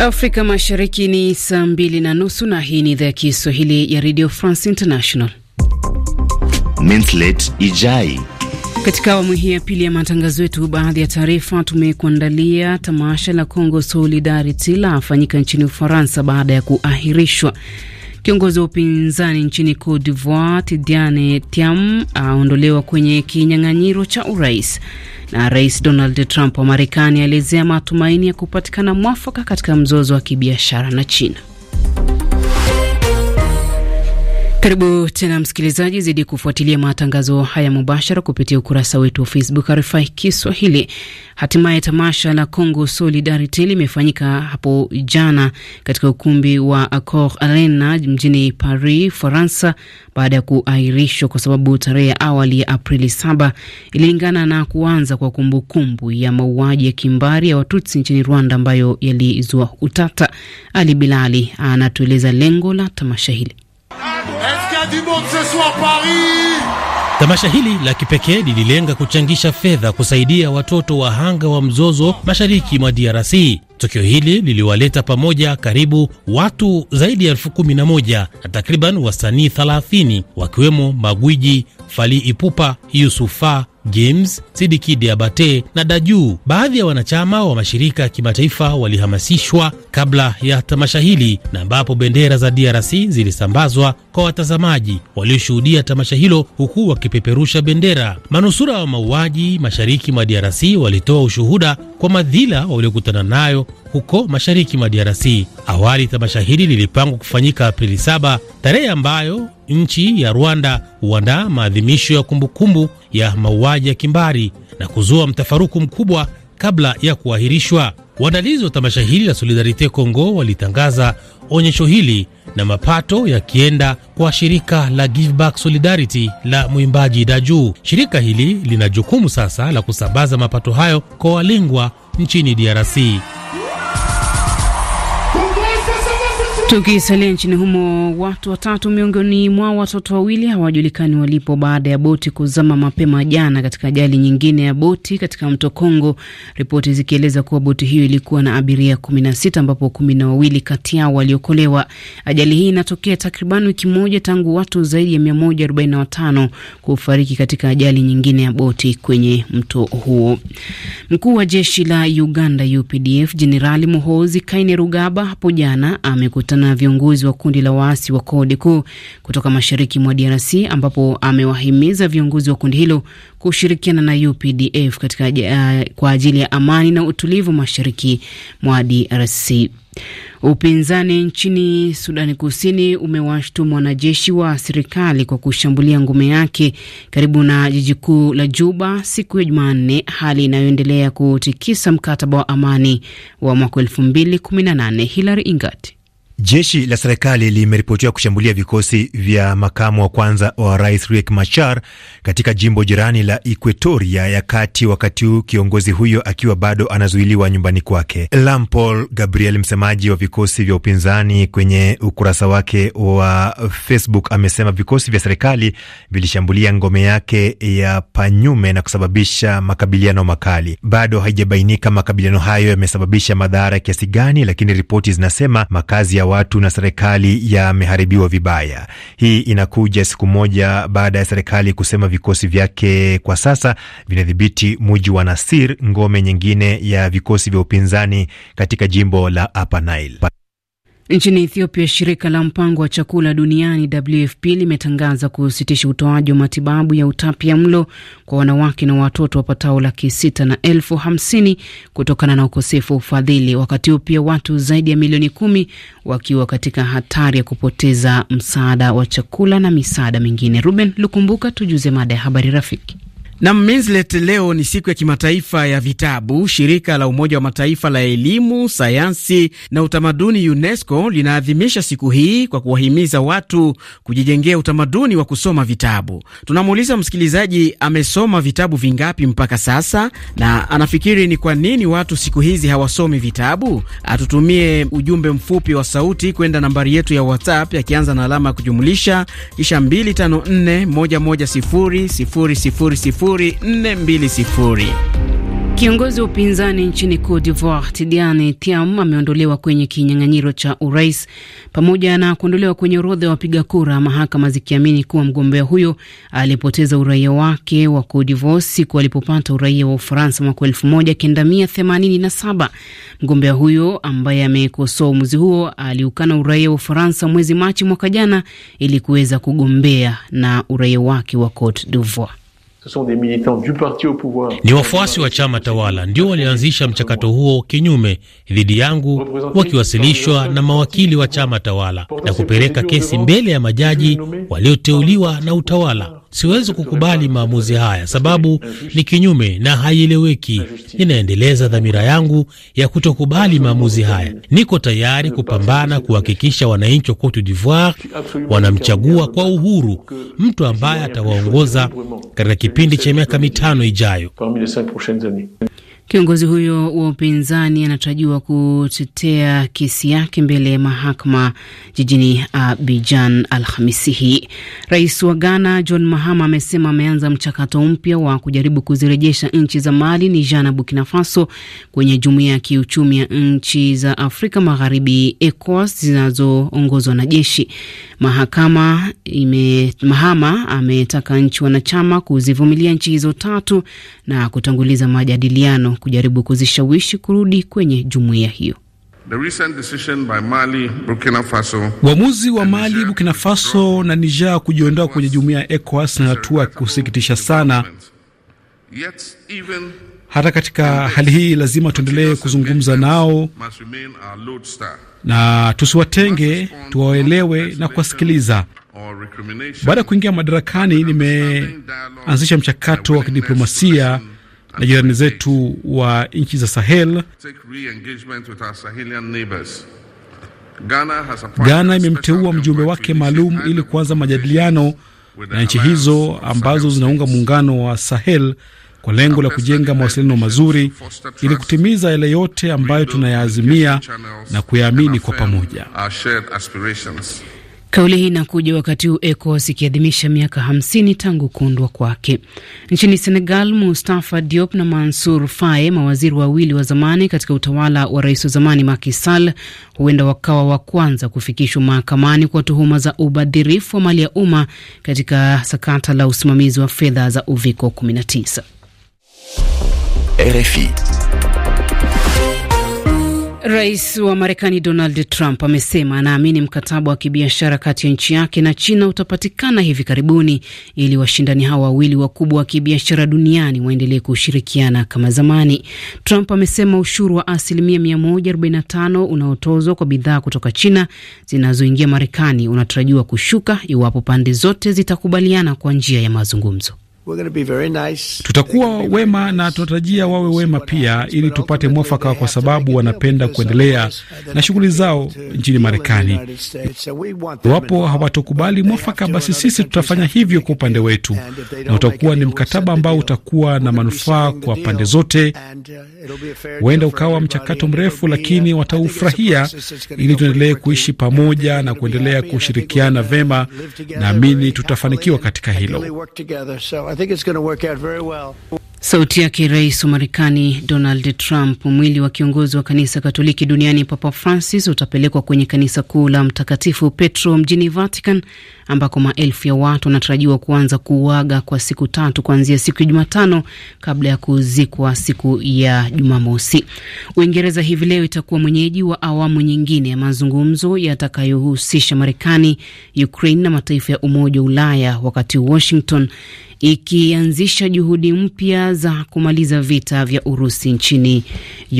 Afrika Mashariki ni saa mbili na nusu na hii ni idhaa ya Kiswahili ya Radio France International. Mintlet Ijai. Katika awamu hii ya pili ya matangazo yetu, baadhi ya taarifa tumekuandalia. Tamasha la Congo Solidarity lafanyika nchini Ufaransa baada ya kuahirishwa. Kiongozi wa upinzani nchini Cote d'Ivoire Tidiane Tiam aondolewa kwenye kinyang'anyiro cha urais. Na Rais Donald Trump wa Marekani aelezea matumaini ya kupatikana mwafaka katika mzozo wa kibiashara na China. Karibu tena msikilizaji, zidi kufuatilia matangazo haya mubashara kupitia ukurasa wetu wa Facebook RFI Kiswahili. Hatimaye tamasha la Congo Solidarity limefanyika hapo jana katika ukumbi wa Accor Arena mjini Paris, Faransa, baada ya kuahirishwa kwa sababu tarehe ya awali ya Aprili saba ililingana na kuanza kwa kumbukumbu kumbu ya mauaji ya kimbari ya Watutsi nchini Rwanda ambayo yalizua utata. Ali Bilali anatueleza lengo la tamasha hili. Tamasha hili la kipekee lililenga kuchangisha fedha kusaidia watoto wahanga wa mzozo mashariki mwa DRC. Tukio hili liliwaleta pamoja karibu watu zaidi ya elfu kumi na moja na takriban wasanii 30 wakiwemo magwiji fali Ipupa, Yusufa James Sidiki Diabate na Daju. Baadhi ya wanachama wa mashirika ya kimataifa walihamasishwa kabla ya tamasha hili, na ambapo bendera za DRC zilisambazwa kwa watazamaji walioshuhudia tamasha hilo huku wakipeperusha bendera. Manusura wa mauaji mashariki mwa DRC walitoa ushuhuda kwa madhila waliokutana nayo huko mashariki mwa DRC. Awali tamasha hili lilipangwa kufanyika Aprili 7 tarehe ambayo nchi ya Rwanda huandaa maadhimisho ya kumbukumbu ya mauaji ya kimbari na kuzua mtafaruku mkubwa kabla ya kuahirishwa. Waandalizi wa tamasha hili la Solidarite Congo walitangaza onyesho hili na mapato yakienda kwa shirika la Give Back Solidarity la mwimbaji Daju. Shirika hili lina jukumu sasa la kusambaza mapato hayo kwa walengwa nchini DRC. Tukisalia nchini humo, watu watatu miongoni mwa watoto wawili hawajulikani walipo baada ya boti kuzama mapema jana katika ajali nyingine ya boti katika mto Kongo, ripoti zikieleza kuwa boti hiyo ilikuwa na abiria kumi na sita ambapo kumi na wawili kati yao waliokolewa. Ajali hii inatokea takriban wiki moja tangu watu zaidi ya arobaini na watano kufariki katika ajali nyingine ya boti kwenye mto huo. Mkuu wa jeshi la Uganda UPDF Jenerali Muhoozi Kainerugaba hapo jana amekutana na viongozi wa kundi la waasi wa CODECO kutoka mashariki mwa DRC, ambapo amewahimiza viongozi wa kundi hilo kushirikiana na UPDF katika, uh, kwa ajili ya amani na utulivu mashariki mwa DRC. Upinzani nchini Sudani Kusini umewashtumu wanajeshi wa serikali kwa kushambulia ngome yake karibu na jiji kuu la Juba siku ya Jumanne, hali inayoendelea kutikisa mkataba wa amani wa mwaka elfu mbili kumi na nane. Hilary Ingati Jeshi la serikali limeripotiwa kushambulia vikosi vya makamu wa kwanza wa rais Riek Machar katika jimbo jirani la Equatoria ya kati, wakati huu kiongozi huyo akiwa bado anazuiliwa nyumbani kwake. Lampol Gabriel, msemaji wa vikosi vya upinzani, kwenye ukurasa wake wa Facebook amesema vikosi vya serikali vilishambulia ngome yake ya Panyume na kusababisha makabiliano makali. Bado haijabainika makabiliano hayo yamesababisha madhara kiasi gani, lakini ripoti zinasema makazi ya watu na serikali yameharibiwa vibaya. Hii inakuja siku moja baada ya serikali kusema vikosi vyake kwa sasa vinadhibiti muji wa Nasir, ngome nyingine ya vikosi vya upinzani katika jimbo la Upper Nile. Nchini Ethiopia, shirika la mpango wa chakula duniani WFP limetangaza kusitisha utoaji wa matibabu ya utapia mlo kwa wanawake na watoto wapatao laki sita na elfu hamsini kutokana na ukosefu wa ufadhili, wakati huu pia watu zaidi ya milioni kumi wakiwa katika hatari ya kupoteza msaada wa chakula na misaada mingine. Ruben Lukumbuka, tujuze mada ya habari rafiki. Na Minslet, leo ni siku ya kimataifa ya vitabu. Shirika la Umoja wa Mataifa la elimu, sayansi na utamaduni UNESCO linaadhimisha siku hii kwa kuwahimiza watu kujijengea utamaduni wa kusoma vitabu. Tunamuuliza msikilizaji amesoma vitabu vingapi mpaka sasa na anafikiri ni kwa nini watu siku hizi hawasomi vitabu. Atutumie ujumbe mfupi wa sauti kwenda nambari yetu ya WhatsApp yakianza na alama ya kujumulisha kisha 254110000 Kiongozi wa upinzani nchini Cote d'Ivoire Tidiane Thiam ameondolewa kwenye kinyang'anyiro cha urais pamoja na kuondolewa kwenye orodha ya wapiga kura, mahakama zikiamini kuwa mgombea huyo alipoteza uraia wake wa Cote d'Ivoire siku alipopata uraia wa Ufaransa mwaka 1987. Mgombea huyo ambaye amekosoa uamuzi huo aliukana uraia wa Ufaransa mwezi Machi mwaka jana ili kuweza kugombea na uraia wake wa Cote d'Ivoire. Ni wafuasi wa chama tawala ndio walianzisha mchakato huo kinyume dhidi yangu, wakiwasilishwa na mawakili wa chama tawala na kupeleka kesi mbele ya majaji walioteuliwa na utawala. Siwezi kukubali maamuzi haya, sababu ni kinyume na haieleweki. Ninaendeleza dhamira yangu ya kutokubali maamuzi haya. Niko tayari kupambana kuhakikisha wananchi wa Cote d'Ivoire wanamchagua kwa uhuru mtu ambaye atawaongoza katika kipindi cha miaka mitano ijayo. Kiongozi huyo wa upinzani anatarajiwa kutetea kesi yake mbele ya mahakama jijini abijan Alhamisi hii. Rais wa Ghana John Mahama amesema ameanza mchakato mpya wa kujaribu kuzirejesha nchi za Mali, Niger na Burkina Faso kwenye jumuiya ya kiuchumi ya nchi za Afrika Magharibi, ECOWAS, zinazoongozwa na jeshi. Mahakama ime, Mahama ametaka nchi wanachama kuzivumilia nchi hizo tatu na kutanguliza majadiliano kujaribu kuzishawishi kurudi kwenye jumuiya hiyo. Uamuzi wa Mali, Burkina Faso na Niger kujiondoa kwenye jumuiya ya ECOWAS ni hatua ya kusikitisha sana. Hata katika hali hii, lazima tuendelee kuzungumza nao na tusiwatenge, tuwaelewe na kuwasikiliza. Baada ya kuingia madarakani, nimeanzisha mchakato wa kidiplomasia na jirani zetu wa nchi za Sahel. Ghana imemteua mjumbe wake maalum ili kuanza majadiliano na nchi hizo ambazo zinaunga muungano wa Sahel kwa lengo la kujenga mawasiliano mazuri ili kutimiza yale yote ambayo tunayaazimia na kuyaamini kwa pamoja. Kauli hii inakuja wakati huu ECOWAS ikiadhimisha miaka 50 tangu kuundwa kwake. Nchini Senegal, Mustafa Diop na Mansur Faye, mawaziri wawili wa zamani katika utawala wa rais wa zamani Macky Sall, huenda wakawa wa kwanza kufikishwa mahakamani kwa tuhuma za ubadhirifu wa mali ya umma katika sakata la usimamizi wa fedha za Uviko 19. RFI Rais wa Marekani Donald Trump amesema anaamini mkataba wa kibiashara kati ya nchi yake na China utapatikana hivi karibuni ili washindani hao wawili wakubwa wa kibiashara duniani waendelee kushirikiana kama zamani. Trump amesema ushuru wa asilimia 145 unaotozwa kwa bidhaa kutoka China zinazoingia Marekani unatarajiwa kushuka iwapo pande zote zitakubaliana kwa njia ya mazungumzo. Tutakuwa wema na tunatarajia wawe wema pia, ili tupate mwafaka, kwa sababu wanapenda kuendelea na shughuli zao nchini Marekani. Iwapo hawatokubali mwafaka, basi sisi tutafanya hivyo kwa upande wetu, na utakuwa ni mkataba ambao utakuwa na manufaa kwa pande zote. Uh, Huenda ukawa mchakato mrefu, lakini wataufurahia, ili tuendelee kuishi pamoja na kuendelea kushirikiana vema. Naamini tutafanikiwa katika hilo. I think it's going to work out very well. Sauti yake rais wa Marekani Donald Trump. Mwili wa kiongozi wa kanisa Katoliki duniani Papa Francis utapelekwa kwenye kanisa kuu la Mtakatifu Petro mjini Vatican, ambako maelfu ya watu wanatarajiwa kuanza kuuaga kwa siku tatu kuanzia siku ya Jumatano kabla ya kuzikwa siku ya Jumamosi. Uingereza hivi leo itakuwa mwenyeji wa awamu nyingine ya mazungumzo yatakayohusisha Marekani, Ukraine na mataifa ya Umoja wa Ulaya, wakati Washington ikianzisha juhudi mpya za kumaliza vita vya Urusi nchini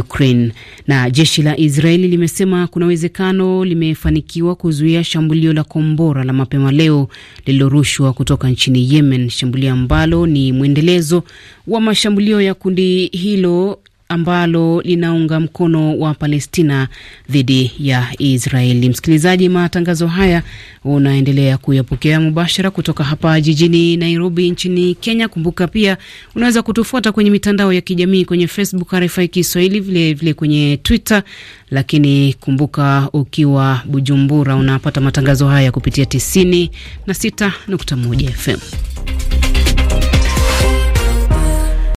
Ukraine. Na jeshi la Israeli limesema kuna uwezekano limefanikiwa kuzuia shambulio la kombora la mapema leo lililorushwa kutoka nchini Yemen, shambulio ambalo ni mwendelezo wa mashambulio ya kundi hilo ambalo linaunga mkono wa Palestina dhidi ya Israeli. Msikilizaji, matangazo haya unaendelea kuyapokea mubashara kutoka hapa jijini Nairobi nchini Kenya. Kumbuka pia unaweza kutufuata kwenye mitandao ya kijamii kwenye Facebook RFI Kiswahili, vilevile kwenye Twitter. Lakini kumbuka ukiwa Bujumbura unapata matangazo haya kupitia 96.1 FM.